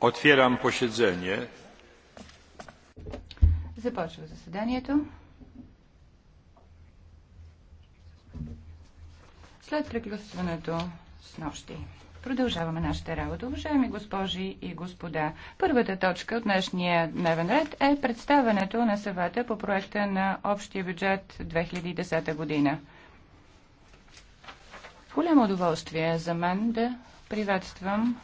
Отварям посещение. Започва заседанието. След приключването с нощи. Продължаваме нашата работа. Уважаеми госпожи и господа, първата точка от днешния дневен ред е представенето на съвета по проекта на общия бюджет 2010 година. Голямо удоволствие за мен да приветствам